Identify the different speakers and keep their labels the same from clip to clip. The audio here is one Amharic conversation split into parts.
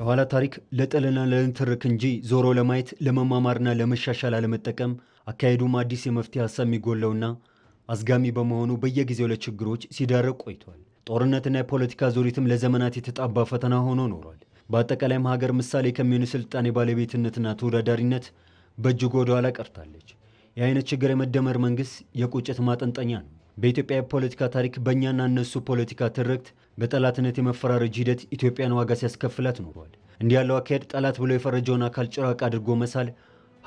Speaker 1: የኋላ ታሪክ ለጥልና ለንትርክ እንጂ ዞሮ ለማየት ለመማማርና ለመሻሻል አለመጠቀም አካሄዱም አዲስ የመፍትሄ ሀሳብ የሚጎለውና አዝጋሚ በመሆኑ በየጊዜው ለችግሮች ሲዳረግ ቆይቷል። ጦርነትና የፖለቲካ ዙሪትም ለዘመናት የተጣባ ፈተና ሆኖ ኖሯል። በአጠቃላይም ሀገር ምሳሌ ከሚሆኑ ስልጣን የባለቤትነትና ተወዳዳሪነት በእጅጉ ወደኋላ ቀርታለች። የአይነት ችግር የመደመር መንግሥት የቁጭት ማጠንጠኛ ነው። በኢትዮጵያ የፖለቲካ ታሪክ በእኛና እነሱ ፖለቲካ ትርክት በጠላትነት የመፈራረጅ ሂደት ኢትዮጵያን ዋጋ ሲያስከፍላት ኖሯል። እንዲህ ያለው አካሄድ ጠላት ብሎ የፈረጀውን አካል ጭራቅ አድርጎ መሳል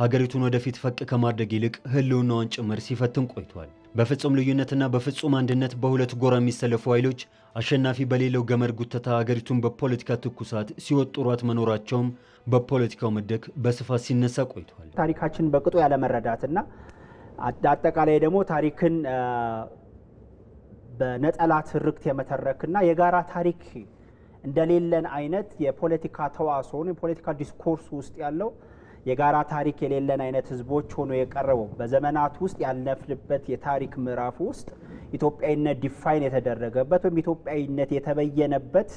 Speaker 1: ሀገሪቱን ወደፊት ፈቅ ከማድረግ ይልቅ ህልውናውን ጭምር ሲፈትን ቆይቷል። በፍጹም ልዩነትና በፍጹም አንድነት በሁለት ጎራ የሚሰለፉ ኃይሎች አሸናፊ በሌለው ገመድ ጉተታ ሀገሪቱን በፖለቲካ ትኩሳት ሲወጥሯት መኖራቸውም በፖለቲካው መድረክ በስፋት ሲነሳ ቆይቷል።
Speaker 2: ታሪካችን በቅጡ ያለመረዳትና አጠቃላይ ደግሞ ታሪክን በነጠላ ትርክት የመተረክና የጋራ ታሪክ እንደሌለን አይነት የፖለቲካ ተዋሶን የፖለቲካ ዲስኮርስ ውስጥ ያለው የጋራ ታሪክ የሌለን አይነት ህዝቦች ሆኖ የቀረበው በዘመናት ውስጥ ያለፍንበት የታሪክ ምዕራፍ ውስጥ ኢትዮጵያዊነት ዲፋይን የተደረገበት ወይም ኢትዮጵያዊነት የተበየነበት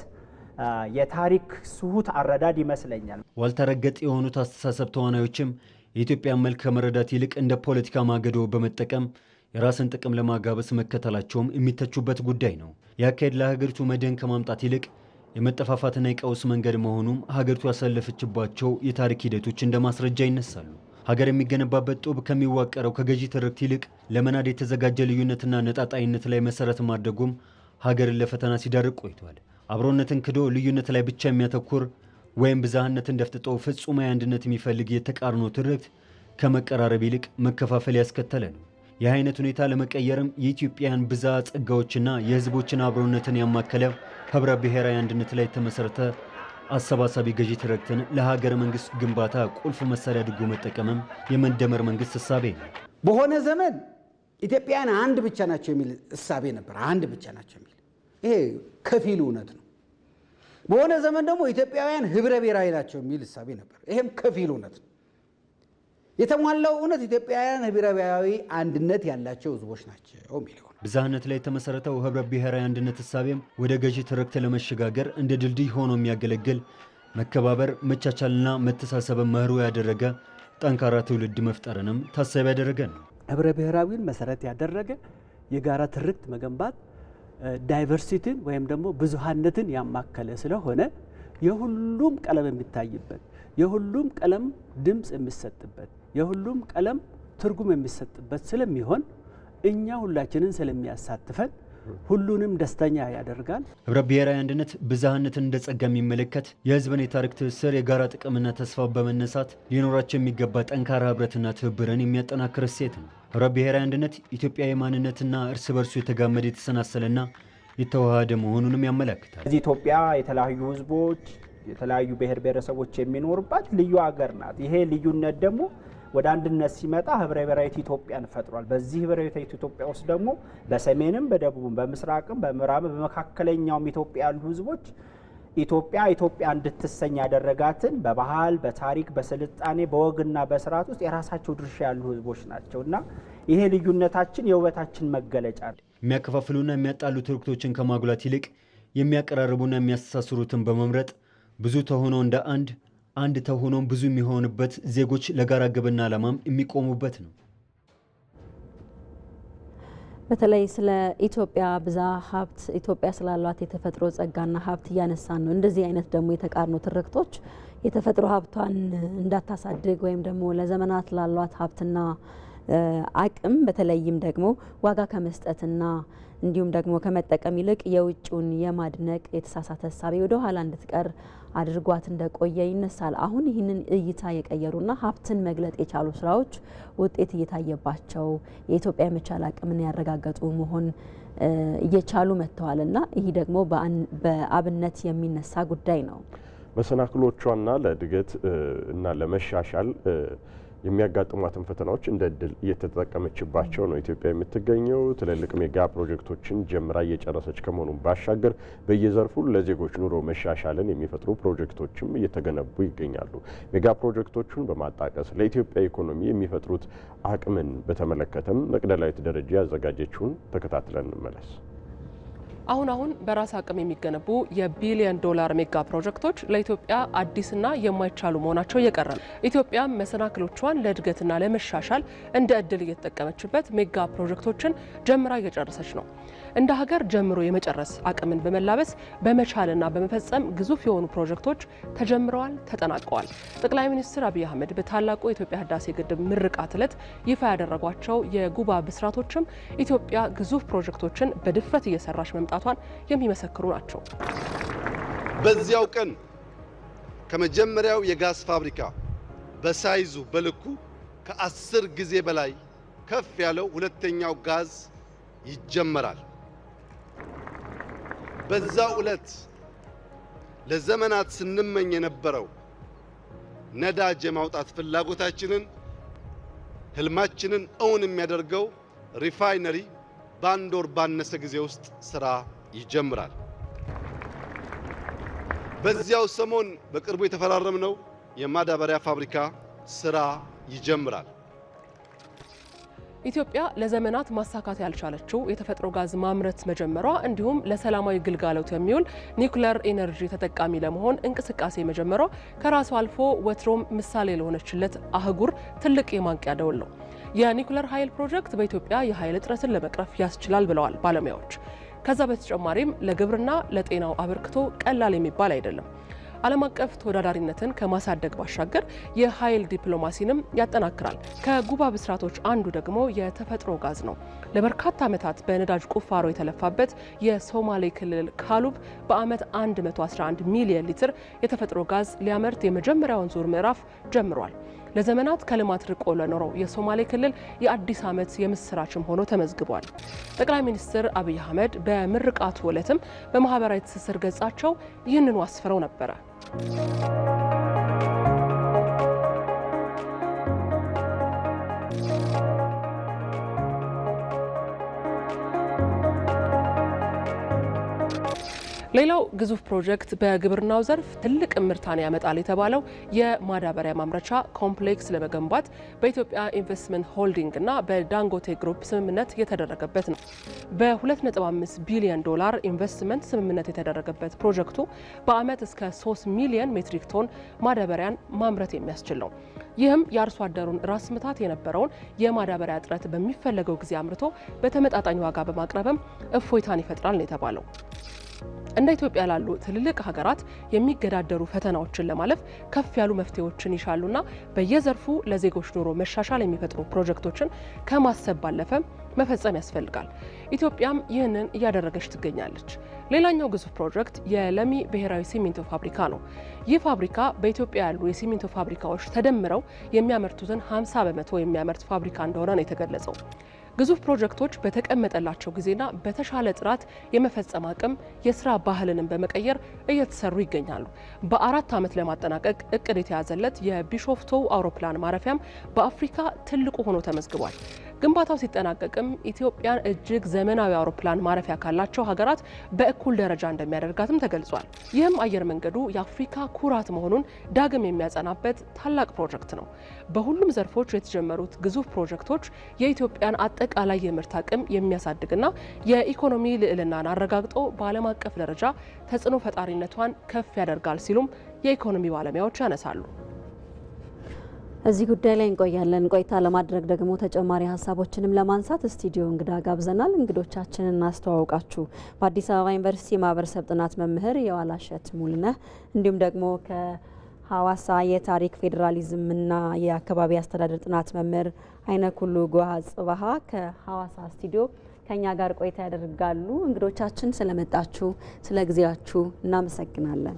Speaker 2: የታሪክ ስሁት አረዳድ ይመስለኛል።
Speaker 1: ዋልተረገጥ የሆኑት አስተሳሰብ ተዋናዮችም የኢትዮጵያን መልክ ከመረዳት ይልቅ እንደ ፖለቲካ ማገዶ በመጠቀም የራስን ጥቅም ለማጋበስ መከተላቸውም የሚተቹበት ጉዳይ ነው። የአካሄድ ለሀገሪቱ መደን ከማምጣት ይልቅ የመጠፋፋትና የቀውስ መንገድ መሆኑም ሀገሪቱ ያሳለፈችባቸው የታሪክ ሂደቶች እንደ ማስረጃ ይነሳሉ። ሀገር የሚገነባበት ጡብ ከሚዋቀረው ከገዢ ትርክት ይልቅ ለመናድ የተዘጋጀ ልዩነትና ነጣጣይነት ላይ መሰረት ማድረጉም ሀገርን ለፈተና ሲዳርግ ቆይቷል። አብሮነትን ክዶ ልዩነት ላይ ብቻ የሚያተኩር ወይም ብዝሃነትን ደፍጥጦ ፍጹማዊ አንድነት የሚፈልግ የተቃርኖ ትርክት ከመቀራረብ ይልቅ መከፋፈል ያስከተለ ነው። ይህ አይነት ሁኔታ ለመቀየርም የኢትዮጵያን ብዝሃ ጸጋዎችና የህዝቦችን አብሮነትን ያማከለ ህብረ ብሔራዊ አንድነት ላይ የተመሠረተ አሰባሳቢ ገዢ ትርክትን ለሀገረ መንግሥት ግንባታ ቁልፍ መሳሪያ አድርጎ መጠቀምም የመደመር መንግሥት እሳቤ ነው።
Speaker 2: በሆነ ዘመን ኢትዮጵያን አንድ ብቻ ናቸው የሚል እሳቤ ነበር። አንድ ብቻ ናቸው የሚል ይሄ ከፊል እውነት ነው። በሆነ ዘመን ደግሞ ኢትዮጵያውያን ህብረ ብሔራዊ ናቸው የሚል እሳቤ ነበር። ይሄም ከፊል እውነት ነው። የተሟላው እውነት ኢትዮጵያውያን ህብረ ብሔራዊ አንድነት ያላቸው ህዝቦች ናቸው የሚለው
Speaker 1: ብዝሃነት ላይ የተመሰረተው ህብረ ብሔራዊ አንድነት እሳቤም ወደ ገዢ ትርክት ለመሸጋገር እንደ ድልድይ ሆኖ የሚያገለግል መከባበር፣ መቻቻልና መተሳሰብን መሩ ያደረገ ጠንካራ ትውልድ መፍጠርንም ታሳቢ ያደረገ ነው።
Speaker 2: ህብረ ብሔራዊን መሰረት ያደረገ የጋራ ትርክት መገንባት ዳይቨርሲቲን ወይም ደግሞ ብዙሃነትን ያማከለ ስለሆነ የሁሉም ቀለም የሚታይበት የሁሉም ቀለም ድምፅ የሚሰጥበት የሁሉም ቀለም ትርጉም የሚሰጥበት ስለሚሆን እኛ ሁላችንን ስለሚያሳትፈን ሁሉንም ደስተኛ ያደርጋል።
Speaker 1: ህብረ ብሔራዊ አንድነት ብዝሃነትን እንደ ጸጋ የሚመለከት የህዝብን የታሪክ ትስስር፣ የጋራ ጥቅምና ተስፋ በመነሳት ሊኖራቸው የሚገባ ጠንካራ ህብረትና ትብብርን የሚያጠናክር እሴት ነው። ሀብረ ብሔራዊ አንድነት ኢትዮጵያዊ ማንነትና እርስ በርሱ የተጋመደ የተሰናሰለና የተዋሃደ መሆኑንም ያመለክታል።
Speaker 2: እዚህ ኢትዮጵያ የተለያዩ ህዝቦች፣ የተለያዩ ብሔር ብሔረሰቦች የሚኖሩባት ልዩ ሀገር ናት። ይሄ ልዩነት ደግሞ ወደ አንድነት ሲመጣ ህብረ ብሔራዊት ኢትዮጵያን ፈጥሯል። በዚህ ህብረ ብሔራዊት ኢትዮጵያ ውስጥ ደግሞ በሰሜንም፣ በደቡብም፣ በምስራቅም፣ በምዕራብም በመካከለኛውም ኢትዮጵያ ያሉ ህዝቦች ኢትዮጵያ ኢትዮጵያ እንድትሰኝ ያደረጋትን በባህል፣ በታሪክ፣ በስልጣኔ፣ በወግና በስርዓት ውስጥ የራሳቸው ድርሻ ያሉ ህዝቦች ናቸው እና ይሄ ልዩነታችን የውበታችን መገለጫ ነው።
Speaker 1: የሚያከፋፍሉና የሚያጣሉ ትርክቶችን ከማጉላት ይልቅ የሚያቀራርቡና የሚያስተሳስሩትን በመምረጥ ብዙ ተሆኖ እንደ አንድ አንድ ተሆኖም ብዙ የሚሆንበት ዜጎች ለጋራ ግብና ዓላማም የሚቆሙበት ነው።
Speaker 3: በተለይ ስለ ኢትዮጵያ ብዛ ሀብት ኢትዮጵያ ስላሏት የተፈጥሮ ጸጋና ሀብት እያነሳን ነው። እንደዚህ አይነት ደግሞ የተቃርኖ ትርክቶች የተፈጥሮ ሀብቷን እንዳታሳድግ ወይም ደግሞ ለዘመናት ላሏት ሀብትና አቅም በተለይም ደግሞ ዋጋ ከመስጠትና እንዲሁም ደግሞ ከመጠቀም ይልቅ የውጭውን የማድነቅ የተሳሳተ እሳቤ ወደ ኋላ እንድትቀር አድርጓት እንደቆየ ይነሳል። አሁን ይህንን እይታ የቀየሩና ሀብትን መግለጥ የቻሉ ስራዎች ውጤት እየታየባቸው የኢትዮጵያ የመቻል አቅምን ያረጋገጡ መሆን እየቻሉ መጥተዋል እና ይህ ደግሞ በአብነት የሚነሳ ጉዳይ ነው።
Speaker 4: መሰናክሎቿና ለእድገት እና ለመሻሻል የሚያጋጥሟትን ፈተናዎች እንደ እድል እየተጠቀመችባቸው ነው ኢትዮጵያ የምትገኘው። ትልልቅ ሜጋ ፕሮጀክቶችን ጀምራ እየጨረሰች ከመሆኑን ባሻገር በየዘርፉ ለዜጎች ኑሮ መሻሻልን የሚፈጥሩ ፕሮጀክቶችም እየተገነቡ ይገኛሉ። ሜጋ ፕሮጀክቶቹን በማጣቀስ ለኢትዮጵያ ኢኮኖሚ የሚፈጥሩት አቅምን በተመለከተም መቅደላዊት ደረጃ ያዘጋጀችውን ተከታትለን እንመለስ።
Speaker 5: አሁን አሁን በራስ አቅም የሚገነቡ የቢሊዮን ዶላር ሜጋ ፕሮጀክቶች ለኢትዮጵያ አዲስና የማይቻሉ መሆናቸው እየቀረ ነው። ኢትዮጵያ መሰናክሎቿን ለእድገትና ለመሻሻል እንደ እድል እየተጠቀመችበት ሜጋ ፕሮጀክቶችን ጀምራ እየጨረሰች ነው። እንደ ሀገር ጀምሮ የመጨረስ አቅምን በመላበስ በመቻልና በመፈጸም ግዙፍ የሆኑ ፕሮጀክቶች ተጀምረዋል፣ ተጠናቀዋል። ጠቅላይ ሚኒስትር አብይ አህመድ በታላቁ የኢትዮጵያ ህዳሴ ግድብ ምርቃት ዕለት ይፋ ያደረጓቸው የጉባ ብስራቶችም ኢትዮጵያ ግዙፍ ፕሮጀክቶችን በድፍረት እየሰራች መምጣቷን የሚመሰክሩ ናቸው።
Speaker 6: በዚያው ቀን ከመጀመሪያው የጋዝ ፋብሪካ በሳይዙ በልኩ ከአስር ጊዜ በላይ ከፍ ያለው ሁለተኛው ጋዝ ይጀመራል። በዛው ዕለት ለዘመናት ስንመኝ የነበረው ነዳጅ የማውጣት ፍላጎታችንን ህልማችንን እውን የሚያደርገው ሪፋይነሪ በአንድ ወር ባነሰ ጊዜ ውስጥ ስራ ይጀምራል። በዚያው ሰሞን በቅርቡ የተፈራረምነው የማዳበሪያ ፋብሪካ ስራ ይጀምራል።
Speaker 5: ኢትዮጵያ ለዘመናት ማሳካት ያልቻለችው የተፈጥሮ ጋዝ ማምረት መጀመሯ እንዲሁም ለሰላማዊ ግልጋሎት የሚውል ኒውክሌር ኤነርጂ ተጠቃሚ ለመሆን እንቅስቃሴ መጀመሯ ከራሱ አልፎ ወትሮም ምሳሌ ለሆነችለት አህጉር ትልቅ የማንቂያ ደወል ነው። የኒውክሌር ኃይል ፕሮጀክት በኢትዮጵያ የኃይል እጥረትን ለመቅረፍ ያስችላል ብለዋል ባለሙያዎች። ከዛ በተጨማሪም ለግብርና፣ ለጤናው አበርክቶ ቀላል የሚባል አይደለም። ዓለም አቀፍ ተወዳዳሪነትን ከማሳደግ ባሻገር የኃይል ዲፕሎማሲንም ያጠናክራል። ከጉባ ብስራቶች አንዱ ደግሞ የተፈጥሮ ጋዝ ነው። ለበርካታ ዓመታት በነዳጅ ቁፋሮ የተለፋበት የሶማሌ ክልል ካሉብ በዓመት 111 ሚሊየን ሊትር የተፈጥሮ ጋዝ ሊያመርት የመጀመሪያውን ዙር ምዕራፍ ጀምሯል። ለዘመናት ከልማት ርቆ ለኖረው የሶማሌ ክልል የአዲስ ዓመት የምስራችም ሆኖ ተመዝግቧል። ጠቅላይ ሚኒስትር አብይ አህመድ በምርቃቱ ዕለትም በማህበራዊ ትስስር ገጻቸው ይህንኑ አስፍረው ነበረ። Thank you. ሌላው ግዙፍ ፕሮጀክት በግብርናው ዘርፍ ትልቅ ምርታን ያመጣል የተባለው የማዳበሪያ ማምረቻ ኮምፕሌክስ ለመገንባት በኢትዮጵያ ኢንቨስትመንት ሆልዲንግ እና በዳንጎቴ ግሩፕ ስምምነት የተደረገበት ነው። በ2.5 ቢሊዮን ዶላር ኢንቨስትመንት ስምምነት የተደረገበት ፕሮጀክቱ በዓመት እስከ 3 ሚሊዮን ሜትሪክ ቶን ማዳበሪያን ማምረት የሚያስችል ነው። ይህም የአርሶ አደሩን ራስ ምታት የነበረውን የማዳበሪያ እጥረት በሚፈለገው ጊዜ አምርቶ በተመጣጣኝ ዋጋ በማቅረብም እፎይታን ይፈጥራል ነው የተባለው። እንደ ኢትዮጵያ ላሉ ትልልቅ ሀገራት የሚገዳደሩ ፈተናዎችን ለማለፍ ከፍ ያሉ መፍትሄዎችን ይሻሉና በየዘርፉ ለዜጎች ኑሮ መሻሻል የሚፈጥሩ ፕሮጀክቶችን ከማሰብ ባለፈ መፈጸም ያስፈልጋል። ኢትዮጵያም ይህንን እያደረገች ትገኛለች። ሌላኛው ግዙፍ ፕሮጀክት የለሚ ብሔራዊ ሲሚንቶ ፋብሪካ ነው። ይህ ፋብሪካ በኢትዮጵያ ያሉ የሲሚንቶ ፋብሪካዎች ተደምረው የሚያመርቱትን 50 በመቶ የሚያመርት ፋብሪካ እንደሆነ ነው የተገለጸው። ግዙፍ ፕሮጀክቶች በተቀመጠላቸው ጊዜና በተሻለ ጥራት የመፈጸም አቅም የስራ ባህልንም በመቀየር እየተሰሩ ይገኛሉ። በአራት ዓመት ለማጠናቀቅ እቅድ የተያዘለት የቢሾፍቶው አውሮፕላን ማረፊያም በአፍሪካ ትልቁ ሆኖ ተመዝግቧል። ግንባታው ሲጠናቀቅም ኢትዮጵያን እጅግ ዘመናዊ አውሮፕላን ማረፊያ ካላቸው ሀገራት በእኩል ደረጃ እንደሚያደርጋትም ተገልጿል። ይህም አየር መንገዱ የአፍሪካ ኩራት መሆኑን ዳግም የሚያጸናበት ታላቅ ፕሮጀክት ነው። በሁሉም ዘርፎች የተጀመሩት ግዙፍ ፕሮጀክቶች የኢትዮጵያን አጠቃላይ የምርት አቅም የሚያሳድግና የኢኮኖሚ ልዕልናን አረጋግጦ በዓለም አቀፍ ደረጃ ተጽዕኖ ፈጣሪነቷን ከፍ ያደርጋል ሲሉም የኢኮኖሚ ባለሙያዎች ያነሳሉ።
Speaker 3: እዚህ ጉዳይ ላይ እንቆያለን። ቆይታ ለማድረግ ደግሞ ተጨማሪ ሀሳቦችንም ለማንሳት ስቱዲዮ እንግዳ ጋብዘናል። እንግዶቻችንን እናስተዋውቃችሁ። በአዲስ አበባ ዩኒቨርሲቲ የማህበረሰብ ጥናት መምህር የዋላሸት ሙልነህ እንዲሁም ደግሞ ከሀዋሳ የታሪክ ፌዴራሊዝምና የአካባቢ አስተዳደር ጥናት መምህር አይነኩሉ ጓሃ ጽባሀ ከሀዋሳ ስቱዲዮ ከኛ ጋር ቆይታ ያደርጋሉ። እንግዶቻችን ስለመጣችሁ ስለ ጊዜያችሁ እናመሰግናለን።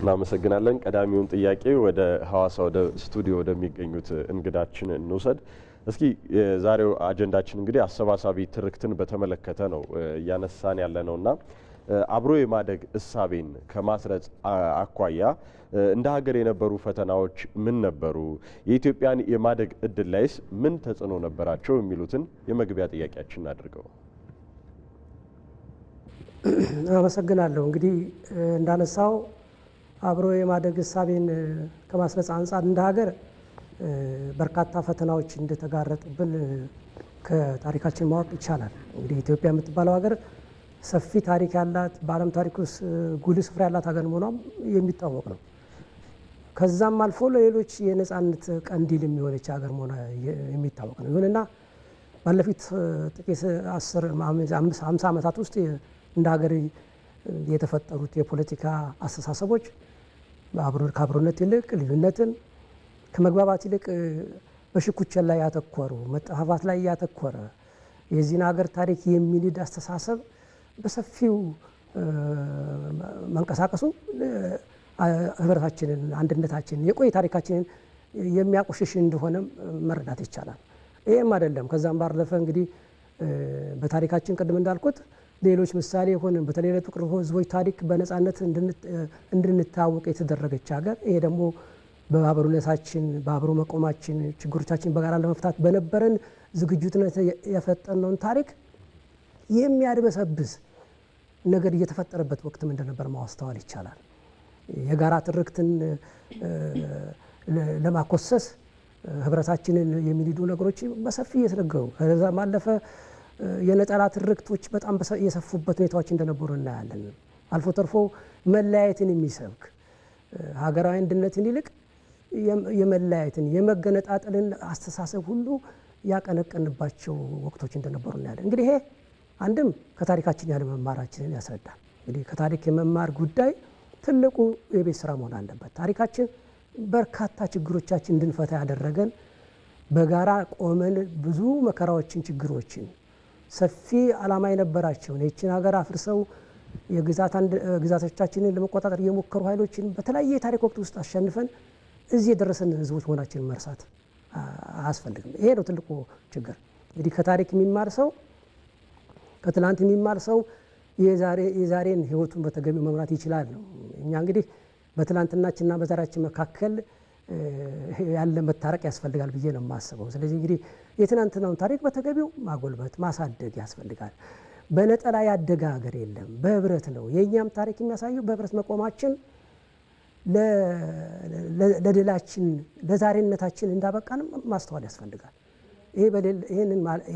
Speaker 4: እናመሰግናለን። ቀዳሚውን ጥያቄ ወደ ሀዋሳ ወደ ስቱዲዮ ወደሚገኙት እንግዳችን እንውሰድ። እስኪ የዛሬው አጀንዳችን እንግዲህ አሰባሳቢ ትርክትን በተመለከተ ነው እያነሳን ያለ ነው እና አብሮ የማደግ እሳቤን ከማስረጽ አኳያ እንደ ሀገር የነበሩ ፈተናዎች ምን ነበሩ? የኢትዮጵያን የማደግ እድል ላይስ ምን ተጽዕኖ ነበራቸው? የሚሉትን የመግቢያ ጥያቄያችን አድርገው
Speaker 2: አመሰግናለሁ። እንግዲህ እንዳነሳው አብሮ የማደግ እሳቤን ከማስረጽ አንጻር እንደ ሀገር በርካታ ፈተናዎች እንደተጋረጡብን ከታሪካችን ማወቅ ይቻላል። እንግዲህ ኢትዮጵያ የምትባለው ሀገር ሰፊ ታሪክ ያላት በዓለም ታሪክ ውስጥ ጉልህ ስፍራ ያላት ሀገር መሆኗም የሚታወቅ ነው። ከዛም አልፎ ለሌሎች የነፃነት ቀንዲል የሚሆነች ሀገር መሆኗ የሚታወቅ ነው። ይሁንና ባለፉት ጥቂት አስር አምሳ ዓመታት ውስጥ እንደ ሀገር የተፈጠሩት የፖለቲካ አስተሳሰቦች ከአብሮነት ይልቅ ልዩነትን ከመግባባት ይልቅ በሽኩቻ ላይ ያተኮሩ መጠፋፋት ላይ ያተኮረ የዚህን ሀገር ታሪክ የሚንድ አስተሳሰብ በሰፊው መንቀሳቀሱ ህብረታችንን፣ አንድነታችንን፣ የቆየ ታሪካችንን የሚያቆሽሽ እንደሆነ መረዳት ይቻላል። ይህም አይደለም ከዛም ባለፈ እንግዲህ በታሪካችን ቅድም እንዳልኩት ሌሎች ምሳሌ የሆንን በተለይ ለጥቁር ህዝቦች ታሪክ በነጻነት እንድንታወቅ የተደረገች ሀገር ይሄ ደግሞ በአብሮነታችን በአብሮ መቆማችን ችግሮቻችን በጋራ ለመፍታት በነበረን ዝግጁትነት የፈጠነውን ታሪክ የሚያድበሰብስ ነገር እየተፈጠረበት ወቅትም እንደነበር ማስተዋል ይቻላል። የጋራ ትርክትን ለማኮሰስ ህብረታችንን የሚንዱ ነገሮች በሰፊ እየተነገሩ ከዛ ማለፈ የነጠላ ትርክቶች በጣም የሰፉበት ሁኔታዎች እንደነበሩ እናያለን። አልፎ ተርፎ መለያየትን የሚሰብክ ሀገራዊ አንድነትን ይልቅ የመለያየትን የመገነጣጠልን አስተሳሰብ ሁሉ ያቀነቀንባቸው ወቅቶች እንደነበሩ እናያለን። እንግዲህ ይሄ አንድም ከታሪካችን ያለ መማራችንን ያስረዳል። እንግዲህ ከታሪክ የመማር ጉዳይ ትልቁ የቤት ስራ መሆን አለበት። ታሪካችን በርካታ ችግሮቻችን እንድንፈታ ያደረገን በጋራ ቆመን ብዙ መከራዎችን፣ ችግሮችን ሰፊ ዓላማ የነበራቸው ይችን ሀገር አፍርሰው ግዛቶቻችንን ለመቆጣጠር የሞከሩ ኃይሎችን በተለያየ ታሪክ ወቅት ውስጥ አሸንፈን እዚህ የደረሰን ህዝቦች መሆናችን መርሳት አያስፈልግም። ይሄ ነው ትልቁ ችግር። እንግዲህ ከታሪክ የሚማር ሰው ከትላንት የሚማር ሰው የዛሬን ህይወቱን በተገቢው መምራት ይችላል ነው። እኛ እንግዲህ በትላንትናችንና በዛሬያችን መካከል ያለ መታረቅ ያስፈልጋል ብዬ ነው የማስበው። ስለዚህ እንግዲህ የትናንትናውን ታሪክ በተገቢው ማጎልበት ማሳደግ ያስፈልጋል። በነጠላ ያደገ ሀገር የለም፣ በህብረት ነው። የእኛም ታሪክ የሚያሳየው በህብረት መቆማችን ለድላችን ለዛሬነታችን እንዳበቃንም ማስተዋል ያስፈልጋል።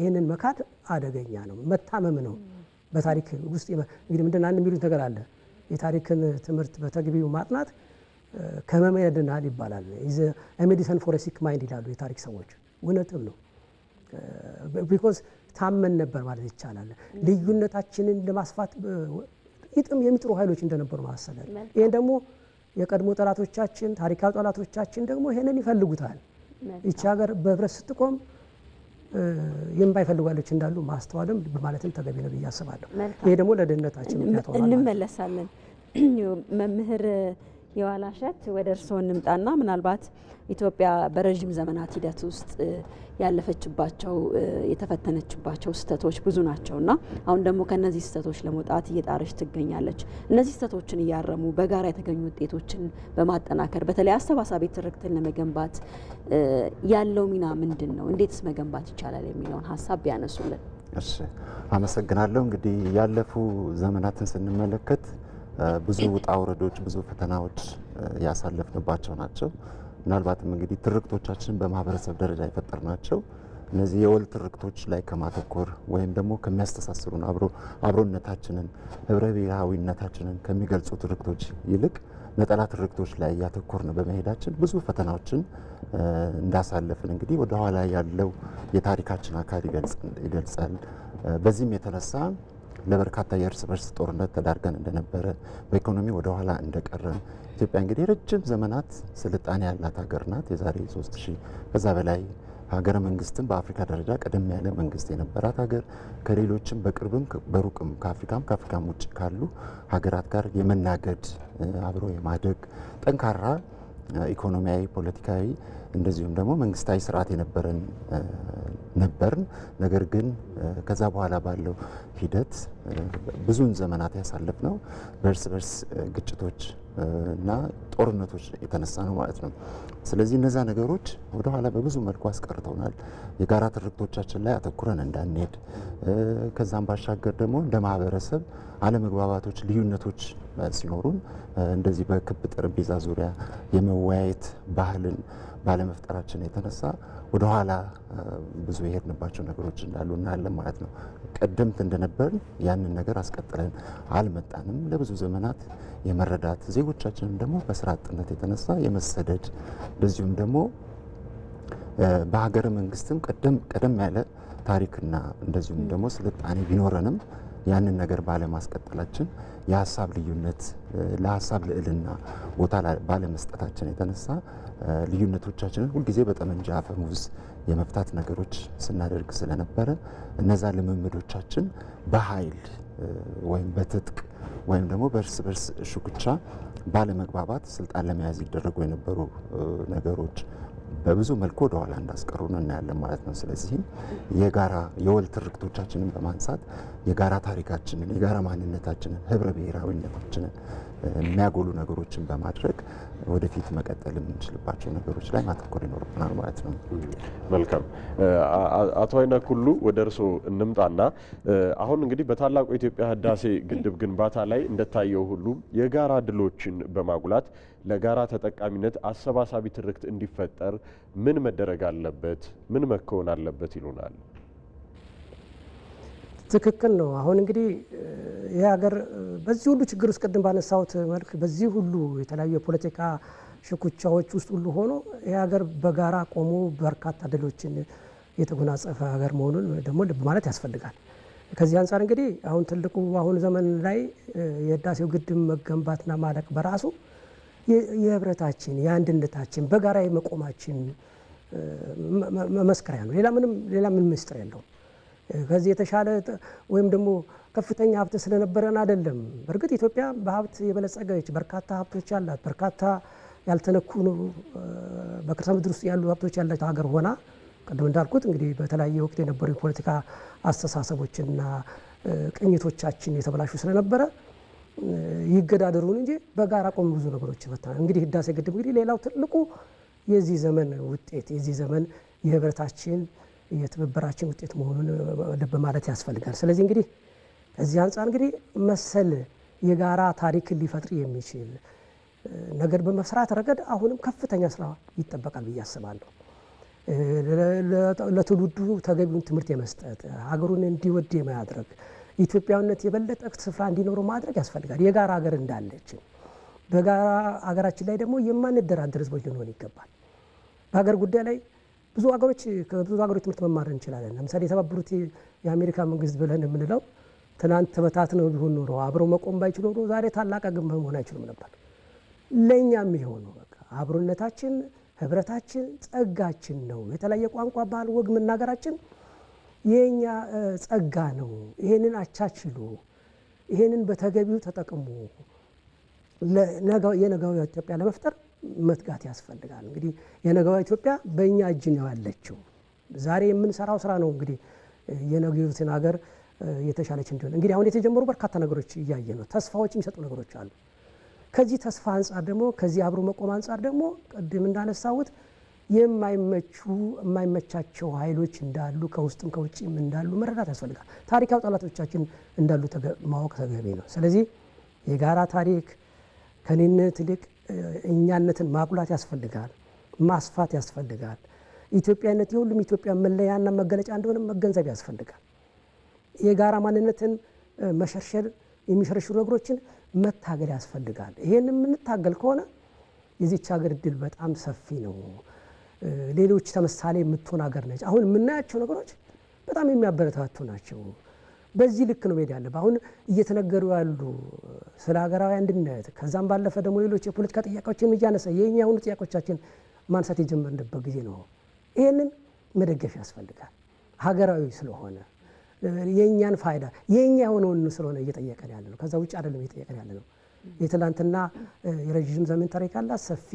Speaker 2: ይህንን መካድ አደገኛ ነው፣ መታመም ነው። በታሪክ ውስጥ እንግዲህ ምንድን አንድ የሚሉት ነገር አለ። የታሪክን ትምህርት በተገቢው ማጥናት ከህመም ያድንሃል ይባላል። ሜዲሰን ፎረሲክ ማይንድ ይላሉ የታሪክ ሰዎች። እውነትም ነው። ቢኮዝ ታመን ነበር ማለት ይቻላል። ልዩነታችንን ለማስፋት ይጥም የሚጥሩ ኃይሎች እንደነበሩ ማሰላል። ይህን ደግሞ የቀድሞ ጠላቶቻችን፣ ታሪካዊ ጠላቶቻችን ደግሞ ይህንን ይፈልጉታል። ይቺ ሀገር በህብረት ስትቆም የማይፈልጉ ኃይሎች እንዳሉ ማስተዋልም በማለትም ተገቢ ነው ብዬ አስባለሁ። ይሄ ደግሞ ለደህንነታችን
Speaker 3: እንመለሳለን መምህር የዋላ እሸት ወደ እርስዎ እንምጣና ምናልባት ኢትዮጵያ በረዥም ዘመናት ሂደት ውስጥ ያለፈችባቸው የተፈተነችባቸው ስህተቶች ብዙ ናቸውና አሁን ደግሞ ከእነዚህ ስህተቶች ለመውጣት እየጣረች ትገኛለች። እነዚህ ስህተቶችን እያረሙ በጋራ የተገኙ ውጤቶችን በማጠናከር በተለይ አሰባሳቢ ትርክትን ለመገንባት ያለው ሚና ምንድን ነው? እንዴትስ መገንባት ይቻላል የሚለውን ሀሳብ ቢያነሱልን።
Speaker 4: እሺ፣ አመሰግናለሁ። እንግዲህ ያለፉ ዘመናትን ስንመለከት ብዙ ውጣ ውረዶች፣ ብዙ ፈተናዎች ያሳለፍንባቸው ናቸው። ምናልባትም እንግዲህ ትርክቶቻችን በማህበረሰብ ደረጃ ናቸው። እነዚህ የወል ትርክቶች ላይ ከማተኮር ወይም ደግሞ ከሚያስተሳስሩን አብሮነታችንን ህብረ ብሔራዊነታችንን ከሚገልጹ ትርክቶች ይልቅ ነጠላ ትርክቶች ላይ እያተኮርን በመሄዳችን ብዙ ፈተናዎችን እንዳሳለፍን እንግዲህ ወደኋላ ያለው የታሪካችን አካል ይገልጻል። በዚህም የተነሳ ለበርካታ የእርስ በርስ ጦርነት ተዳርገን እንደነበረ በኢኮኖሚ ወደኋላ እንደቀረ ኢትዮጵያ እንግዲህ ረጅም ዘመናት ስልጣኔ ያላት ሀገር ናት። የዛሬ 3000 ከዛ በላይ ሀገረ መንግስትም በአፍሪካ ደረጃ ቀደም ያለ መንግስት የነበራት ሀገር ከሌሎችም በቅርብም በሩቅም ከአፍሪካም ከአፍሪካም ውጭ ካሉ ሀገራት ጋር የመናገድ አብሮ የማደግ ጠንካራ ኢኮኖሚያዊ፣ ፖለቲካዊ እንደዚሁም ደግሞ መንግስታዊ ስርዓት የነበረን ነበርን። ነገር ግን ከዛ በኋላ ባለው ሂደት ብዙን ዘመናት ያሳለፍ ነው በእርስ በርስ ግጭቶች እና ጦርነቶች የተነሳ ነው ማለት ነው። ስለዚህ እነዛ ነገሮች ወደኋላ በብዙ መልኩ አስቀርተውናል። የጋራ ትርክቶቻችን ላይ አተኩረን እንዳንሄድ፣ ከዛም ባሻገር ደግሞ እንደ ማህበረሰብ አለመግባባቶች፣ ልዩነቶች ሲኖሩን እንደዚህ በክብ ጠረጴዛ ዙሪያ የመወያየት ባህልን ባለመፍጠራችን የተነሳ ወደኋላ ብዙ የሄድንባቸው ነገሮች እንዳሉ እናያለን ማለት ነው። ቀደምት እንደነበርን ያንን ነገር አስቀጥለን አልመጣንም። ለብዙ ዘመናት የመረዳት ዜጎቻችንም ደግሞ በስራ አጥነት የተነሳ የመሰደድ እንደዚሁም ደግሞ በሀገረ መንግስትም ቀደም ያለ ታሪክና እንደዚሁም ደግሞ ስልጣኔ ቢኖረንም ያንን ነገር ባለማስቀጠላችን የሀሳብ ልዩነት ለሀሳብ ልዕልና ቦታ ባለመስጠታችን የተነሳ ልዩነቶቻችንን ሁልጊዜ በጠመንጃ አፈሙዝ የመፍታት ነገሮች ስናደርግ ስለነበረ እነዛ ልምምዶቻችን በኃይል ወይም በትጥቅ ወይም ደግሞ በእርስ በርስ ሽኩቻ ባለመግባባት ስልጣን ለመያዝ ይደረጉ የነበሩ ነገሮች በብዙ መልኩ ወደ ኋላ እንዳስቀሩን እናያለን ማለት ነው። ስለዚህም የጋራ የወል ትርክቶቻችንን በማንሳት የጋራ ታሪካችንን፣ የጋራ ማንነታችንን፣ ህብረ ብሔራዊነታችንን የሚያጎሉ ነገሮችን በማድረግ ወደፊት መቀጠል የምንችልባቸው ነገሮች ላይ ማተኮር ይኖርብናል ማለት ነው። መልካም አቶ አይናክ ሁሉ ወደ እርስዎ እንምጣና አሁን እንግዲህ በታላቁ የኢትዮጵያ ህዳሴ ግድብ ግንባታ ላይ እንደታየው ሁሉ የጋራ ድሎችን በማጉላት ለጋራ ተጠቃሚነት አሰባሳቢ ትርክት እንዲፈጠር ምን መደረግ አለበት? ምን መከወን አለበት ይሉናል።
Speaker 2: ትክክል ነው። አሁን እንግዲህ ይህ ሀገር በዚህ ሁሉ ችግር ውስጥ ቅድም ባነሳሁት መልክ በዚህ ሁሉ የተለያዩ የፖለቲካ ሽኩቻዎች ውስጥ ሁሉ ሆኖ ይህ ሀገር በጋራ ቆሞ በርካታ ድሎችን የተጎናጸፈ ሀገር መሆኑን ደግሞ ልብ ማለት ያስፈልጋል። ከዚህ አንጻር እንግዲህ አሁን ትልቁ አሁን ዘመን ላይ የህዳሴው ግድብ መገንባትና ማለቅ በራሱ የህብረታችን የአንድነታችን በጋራ የመቆማችን መመስከሪያ ነው። ሌላ ምንም ሌላ ምን ምስጢር የለውም። ከዚህ የተሻለ ወይም ደግሞ ከፍተኛ ሀብት ስለነበረን አይደለም። በእርግጥ ኢትዮጵያ በሀብት የበለጸገች በርካታ ሀብቶች ያላት በርካታ ያልተነኩ በከርሰ ምድር ውስጥ ያሉ ሀብቶች ያላት ሀገር ሆና ቅድም እንዳልኩት እንግዲህ በተለያየ ወቅት የነበሩ የፖለቲካ አስተሳሰቦችና ቅኝቶቻችን የተበላሹ ስለነበረ ይገዳደሩን እንጂ በጋራ ቆም ብዙ ነገሮች ይፈታል። እንግዲህ ህዳሴ ግድብ እንግዲህ ሌላው ትልቁ የዚህ ዘመን ውጤት የዚህ ዘመን የህብረታችን የትብብራችን ውጤት መሆኑን ልብ ማለት ያስፈልጋል። ስለዚህ እንግዲህ ከዚህ አንጻር እንግዲህ መሰል የጋራ ታሪክ ሊፈጥር የሚችል ነገር በመስራት ረገድ አሁንም ከፍተኛ ስራ ይጠበቃል ብዬ አስባለሁ። ለትውልዱ ተገቢውን ትምህርት የመስጠት ሀገሩን እንዲወድ የማያድረግ ኢትዮጵያዊነት የበለጠ ስፍራ እንዲኖረው ማድረግ ያስፈልጋል። የጋራ ሀገር እንዳለችን በጋራ ሀገራችን ላይ ደግሞ የማንደራደር ህዝቦች ልንሆን ይገባል። በሀገር ጉዳይ ላይ ብዙ ሀገሮች ከብዙ ሀገሮች ትምህርት መማር እንችላለን። ለምሳሌ የተባበሩት የአሜሪካ መንግስት ብለን የምንለው ትናንት ተበታትነው ቢሆን ኖሮ አብረው መቆም ባይችል ኖሮ ዛሬ ታላቅ ግንባ መሆን አይችሉም ነበር። ለእኛም ይሆን ነው። በቃ አብሮነታችን፣ ህብረታችን ጸጋችን ነው። የተለያየ ቋንቋ፣ ባህል፣ ወግ መናገራችን የእኛ ጸጋ ነው። ይሄንን አቻችሉ፣ ይሄንን በተገቢው ተጠቅሙ። የነገዋ ኢትዮጵያ ለመፍጠር መትጋት ያስፈልጋል። እንግዲህ የነገዋ ኢትዮጵያ በእኛ እጅ ነው ያለችው። ዛሬ የምንሰራው ስራ ነው እንግዲህ የነገዩትን ሀገር የተሻለች እንዲሆን እንግዲህ አሁን የተጀመሩ በርካታ ነገሮች እያየ ነው። ተስፋዎች የሚሰጡ ነገሮች አሉ። ከዚህ ተስፋ አንጻር ደግሞ ከዚህ አብሮ መቆም አንጻር ደግሞ ቅድም እንዳነሳሁት የማይመቹ የማይመቻቸው ኃይሎች እንዳሉ ከውስጥም ከውጭም እንዳሉ መረዳት ያስፈልጋል። ታሪካዊ ጠላቶቻችን እንዳሉ ማወቅ ተገቢ ነው። ስለዚህ የጋራ ታሪክ ከኔነት ይልቅ እኛነትን ማጉላት ያስፈልጋል፣ ማስፋት ያስፈልጋል። ኢትዮጵያነት የሁሉም ኢትዮጵያ መለያና መገለጫ እንደሆነ መገንዘብ ያስፈልጋል። የጋራ ማንነትን መሸርሸር የሚሸረሽሩ ነገሮችን መታገል ያስፈልጋል። ይሄን የምንታገል ከሆነ የዚች ሀገር እድል በጣም ሰፊ ነው። ሌሎች ተመሳሌ የምትሆን ሀገር ነች። አሁን የምናያቸው ነገሮች በጣም የሚያበረታቱ ናቸው። በዚህ ልክ ነው ሄድ ያለብህ። አሁን እየተነገሩ ያሉ ስለ ሀገራዊ አንድነት ከዛም ባለፈ ደግሞ ሌሎች የፖለቲካ ጥያቄዎችን እያነሳ የኛ የሆኑ ጥያቄዎቻችን ማንሳት የጀመርንበት ጊዜ ነው። ይህንን መደገፍ ያስፈልጋል ሀገራዊ ስለሆነ የእኛን ፋይዳ የእኛ የሆነውን ስለሆነ እየጠየቀን ያለ ነው። ከዛ ውጭ አይደለም እየጠየቀን ያለ ነው። የትላንትና የረዥም ዘመን ታሪክ ያላት ሰፊ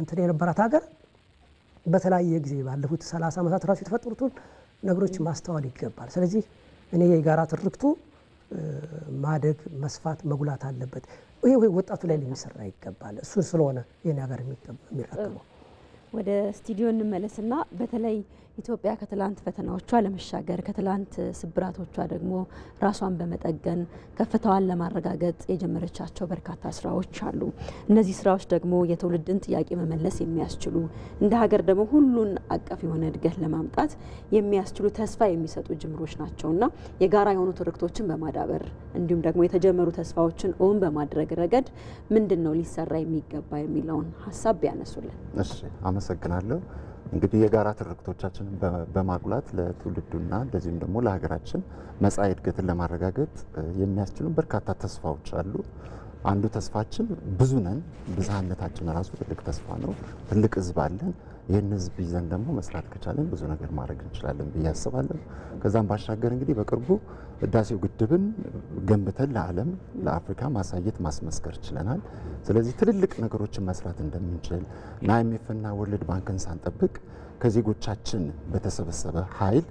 Speaker 2: እንትን የነበራት ሀገር በተለያየ ጊዜ ባለፉት ሰላሳ ዓመታት ራሱ የተፈጠሩትን ነገሮች ማስተዋል ይገባል። ስለዚህ እኔ የጋራ ትርክቱ ማደግ፣ መስፋት፣ መጉላት አለበት። ይሄ ወይ ወጣቱ ላይ ሊሰራ ይገባል። እሱን ስለሆነ የኔ ሀገር የሚረከበው
Speaker 3: ወደ ስቱዲዮ እንመለስና በተለይ ኢትዮጵያ ከትላንት ፈተናዎቿ ለመሻገር ከትላንት ስብራቶቿ ደግሞ ራሷን በመጠገን ከፍታዋን ለማረጋገጥ የጀመረቻቸው በርካታ ስራዎች አሉ። እነዚህ ስራዎች ደግሞ የትውልድን ጥያቄ መመለስ የሚያስችሉ እንደ ሀገር ደግሞ ሁሉን አቀፍ የሆነ እድገት ለማምጣት የሚያስችሉ ተስፋ የሚሰጡ ጅምሮች ናቸውና የጋራ የሆኑ ትርክቶችን በማዳበር እንዲሁም ደግሞ የተጀመሩ ተስፋዎችን እውን በማድረግ ረገድ ምንድን ነው ሊሰራ የሚገባ የሚለውን ሀሳብ ቢያነሱልን።
Speaker 4: እሺ፣ አመሰግናለሁ። እንግዲህ የጋራ ትርክቶቻችንን በማጉላት ለትውልዱና እንደዚሁም ደግሞ ለሀገራችን መጻኢ እድገትን ለማረጋገጥ የሚያስችሉ በርካታ ተስፋዎች አሉ። አንዱ ተስፋችን ብዙ ነን። ብዝሃነታችን ራሱ ትልቅ ተስፋ ነው። ትልቅ ህዝብ አለን። ይህን ህዝብ ይዘን ደግሞ መስራት ከቻለን ብዙ ነገር ማድረግ እንችላለን ብዬ አስባለሁ። ከዛም ባሻገር እንግዲህ በቅርቡ ህዳሴው ግድብን ገንብተን ለዓለም ለአፍሪካ ማሳየት ማስመስከር ችለናል። ስለዚህ ትልልቅ ነገሮችን መስራት እንደምንችል እና አይኤምኤፍና ወርልድ ባንክን ሳንጠብቅ ከዜጎቻችን በተሰበሰበ ኃይል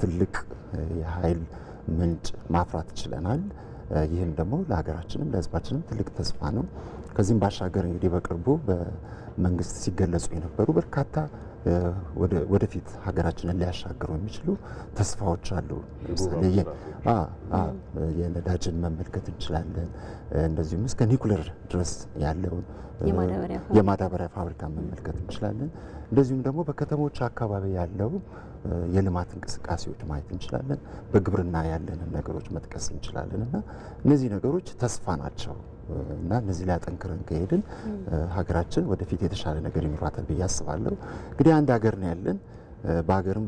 Speaker 4: ትልቅ የኃይል ምንጭ ማፍራት ችለናል። ይህም ደግሞ ለሀገራችንም ለህዝባችንም ትልቅ ተስፋ ነው። ከዚህም ባሻገር እንግዲህ በቅርቡ በመንግስት ሲገለጹ የነበሩ በርካታ ወደፊት ሀገራችንን ሊያሻግሩ የሚችሉ ተስፋዎች አሉ። ለምሳሌ የነዳጅን መመልከት እንችላለን። እንደዚሁም እስከ ኒኩሌር ድረስ ያለውን የማዳበሪያ ፋብሪካ መመልከት እንችላለን። እንደዚሁም ደግሞ በከተሞች አካባቢ ያለው የልማት እንቅስቃሴዎች ማየት እንችላለን። በግብርና ያለንን ነገሮች መጥቀስ እንችላለን እና እነዚህ ነገሮች ተስፋ ናቸው እና እነዚህ ላይ አጠንክረን ከሄድን ሀገራችን ወደፊት የተሻለ ነገር ይኖራታል ብዬ አስባለሁ። እንግዲህ አንድ ሀገር ነው ያለን። በሀገርም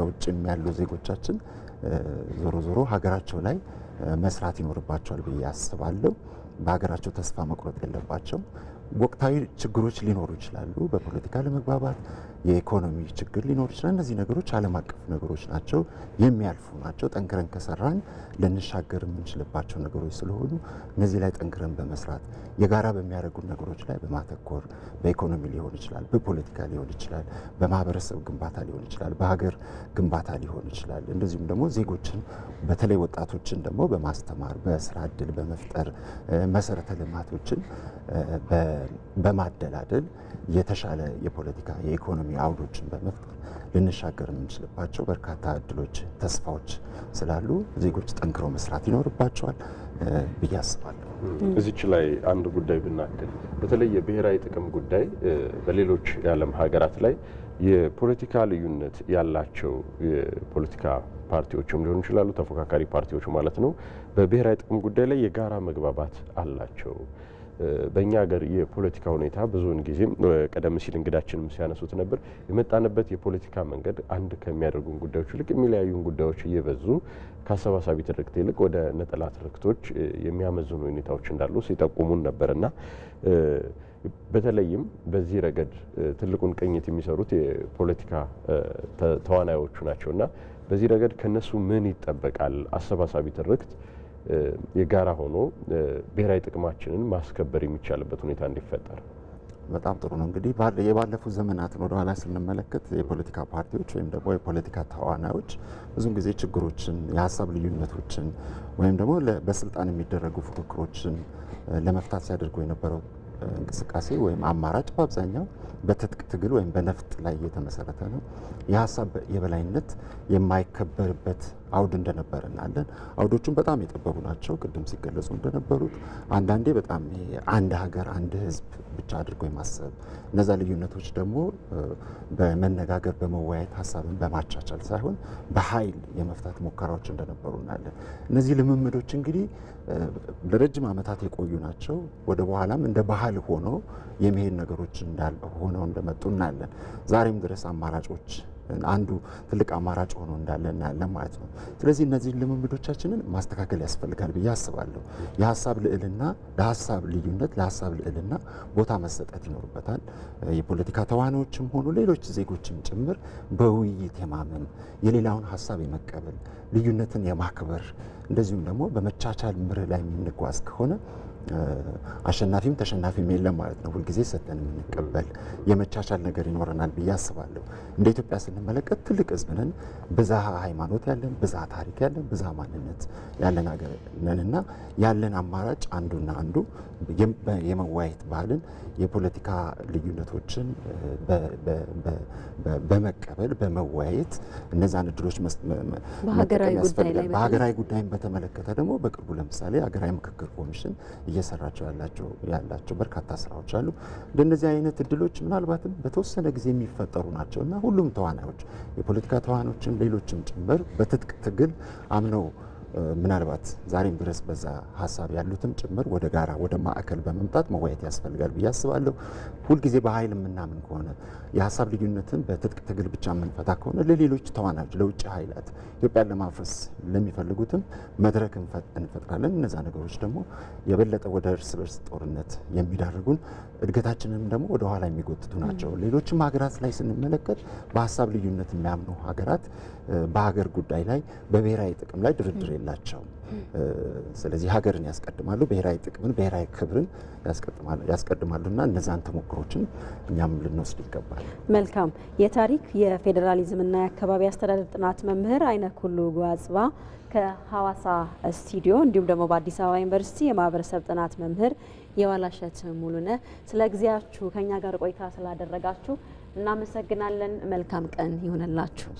Speaker 4: በውጭም ያሉ ዜጎቻችን ዞሮ ዞሮ ሀገራቸው ላይ መስራት ይኖርባቸዋል ብዬ አስባለሁ። በሀገራቸው ተስፋ መቁረጥ የለባቸው። ወቅታዊ ችግሮች ሊኖሩ ይችላሉ። በፖለቲካ ለመግባባት የኢኮኖሚ ችግር ሊኖር ይችላል። እነዚህ ነገሮች ዓለም አቀፍ ነገሮች ናቸው፣ የሚያልፉ ናቸው። ጠንክረን ከሰራን ልንሻገር የምንችልባቸው ነገሮች ስለሆኑ እነዚህ ላይ ጠንክረን በመስራት የጋራ በሚያደርጉ ነገሮች ላይ በማተኮር በኢኮኖሚ ሊሆን ይችላል፣ በፖለቲካ ሊሆን ይችላል፣ በማህበረሰብ ግንባታ ሊሆን ይችላል፣ በሀገር ግንባታ ሊሆን ይችላል። እንደዚሁም ደግሞ ዜጎችን በተለይ ወጣቶችን ደግሞ በማስተማር በስራ እድል በመፍጠር መሰረተ ልማቶችን በማደላደል የተሻለ የፖለቲካ የኢኮኖሚ የኢኮኖሚ አውዶችን በመፍጠር ልንሻገር የምንችልባቸው በርካታ እድሎች፣ ተስፋዎች ስላሉ ዜጎች ጠንክሮ መስራት ይኖርባቸዋል ብዬ አስባለሁ። እዚች ላይ አንድ ጉዳይ ብናክል በተለይ የብሔራዊ ጥቅም ጉዳይ በሌሎች የዓለም ሀገራት ላይ የፖለቲካ ልዩነት ያላቸው የፖለቲካ ፓርቲዎችም ሊሆኑ ይችላሉ፣ ተፎካካሪ ፓርቲዎች ማለት ነው። በብሔራዊ ጥቅም ጉዳይ ላይ የጋራ መግባባት አላቸው። በእኛ ሀገር የፖለቲካ ሁኔታ ብዙውን ጊዜ ቀደም ሲል እንግዳችንም ሲያነሱት ነበር የመጣንበት የፖለቲካ መንገድ አንድ ከሚያደርጉን ጉዳዮች ይልቅ የሚለያዩን ጉዳዮች እየበዙ ከአሰባሳቢ ትርክት ይልቅ ወደ ነጠላ ትርክቶች የሚያመዝኑ ሁኔታዎች እንዳሉ ሲጠቁሙን ነበርና በተለይም በዚህ ረገድ ትልቁን ቅኝት የሚሰሩት የፖለቲካ ተዋናዮቹ ናቸውና በዚህ ረገድ ከነሱ ምን ይጠበቃል? አሰባሳቢ ትርክት የጋራ ሆኖ ብሔራዊ ጥቅማችንን ማስከበር የሚቻልበት ሁኔታ እንዲፈጠር በጣም ጥሩ ነው። እንግዲህ የባለፉት ዘመናትን ወደኋላ ስንመለከት የፖለቲካ ፓርቲዎች ወይም ደግሞ የፖለቲካ ተዋናዮች ብዙን ጊዜ ችግሮችን፣ የሀሳብ ልዩነቶችን ወይም ደግሞ በስልጣን የሚደረጉ ፉክክሮችን ለመፍታት ሲያደርጉ የነበረው እንቅስቃሴ ወይም አማራጭ በአብዛኛው በትጥቅ ትግል ወይም በነፍጥ ላይ የተመሰረተ ነው። የሀሳብ የበላይነት የማይከበርበት አውድ እንደነበረ እናያለን። አውዶቹም በጣም የጠበቡ ናቸው። ቅድም ሲገለጹ እንደነበሩት አንዳንዴ በጣም አንድ ሀገር አንድ ህዝብ ብቻ አድርጎ የማሰብ እነዛ ልዩነቶች ደግሞ በመነጋገር በመወያየት ሀሳብን በማቻቻል ሳይሆን በኃይል የመፍታት ሙከራዎች እንደነበሩ እናያለን። እነዚህ ልምምዶች እንግዲህ ለረጅም ዓመታት የቆዩ ናቸው። ወደ በኋላም እንደ ባህል ሆኖ የመሄድ ነገሮች ሆነው እንደመጡ እናያለን። ዛሬም ድረስ አማራጮች አንዱ ትልቅ አማራጭ ሆኖ እንዳለ እናያለን ማለት ነው። ስለዚህ እነዚህን ልምምዶቻችንን ማስተካከል ያስፈልጋል ብዬ አስባለሁ። የሀሳብ ልዕልና፣ ለሀሳብ ልዩነት፣ ለሀሳብ ልዕልና ቦታ መሰጠት ይኖርበታል። የፖለቲካ ተዋናዮችም ሆኑ ሌሎች ዜጎችም ጭምር በውይይት የማመን የሌላውን ሀሳብ የመቀበል ልዩነትን የማክበር እንደዚሁም ደግሞ በመቻቻል ምርህ ላይ የምንጓዝ ከሆነ አሸናፊም ተሸናፊም የለም ማለት ነው። ሁልጊዜ ሰተን የምንቀበል የመቻቻል ነገር ይኖረናል ብዬ አስባለሁ። እንደ ኢትዮጵያ ስንመለከት ትልቅ ሕዝብ ነን። ብዝሃ ሃይማኖት ያለን፣ ብዝሃ ታሪክ ያለን፣ ብዝሃ ማንነት ያለን ሀገር ነንና ያለን አማራጭ አንዱና አንዱ የመወያየት ባህልን የፖለቲካ ልዩነቶችን በመቀበል በመወያየት እነዛን እድሎች በሀገራዊ ጉዳይም በተመለከተ ደግሞ በቅርቡ ለምሳሌ ሀገራዊ ምክክር ኮሚሽን እየሰራቸው ያላቸው ያላቸው በርካታ ስራዎች አሉ። እንደነዚህ አይነት እድሎች ምናልባትም በተወሰነ ጊዜ የሚፈጠሩ ናቸው እና ሁሉም ተዋናዮች የፖለቲካ ተዋናዮችም ሌሎችም ጭምር በትጥቅ ትግል አምነው ምናልባት ዛሬም ድረስ በዛ ሀሳብ ያሉትም ጭምር ወደ ጋራ ወደ ማዕከል በመምጣት መወያየት ያስፈልጋል ብዬ አስባለሁ። ሁልጊዜ በኃይል የምናምን ከሆነ የሀሳብ ልዩነትን በትጥቅ ትግል ብቻ የምንፈታ ከሆነ ለሌሎች ተዋናዮች፣ ለውጭ ኃይላት ኢትዮጵያን ለማፍረስ ለሚፈልጉትም መድረክ እንፈጥራለን። እነዛ ነገሮች ደግሞ የበለጠ ወደ እርስ በርስ ጦርነት የሚዳርጉን እድገታችንም ደግሞ ወደኋላ የሚጎትቱ ናቸው። ሌሎችም ሀገራት ላይ ስንመለከት በሀሳብ ልዩነት የሚያምኑ ሀገራት በሀገር ጉዳይ ላይ በብሔራዊ ጥቅም ላይ ድርድር የላቸውም። ስለዚህ ሀገርን ያስቀድማሉ፣ ብሔራዊ ጥቅምን፣ ብሔራዊ ክብርን ያስቀድማሉና እነዛን ተሞክሮችን እኛም ልንወስድ ይገባል።
Speaker 3: መልካም። የታሪክ የፌዴራሊዝምና የአካባቢ አስተዳደር ጥናት መምህር ሁሉ ጓጽባ ከሀዋሳ ስቱዲዮ እንዲሁም ደግሞ በአዲስ አበባ ዩኒቨርሲቲ የማህበረሰብ ጥናት መምህር የዋላሸት ሙሉነ ስለ ጊዜያችሁ ከእኛ ጋር ቆይታ ስላደረጋችሁ እናመሰግናለን። መልካም ቀን ይሆነላችሁ።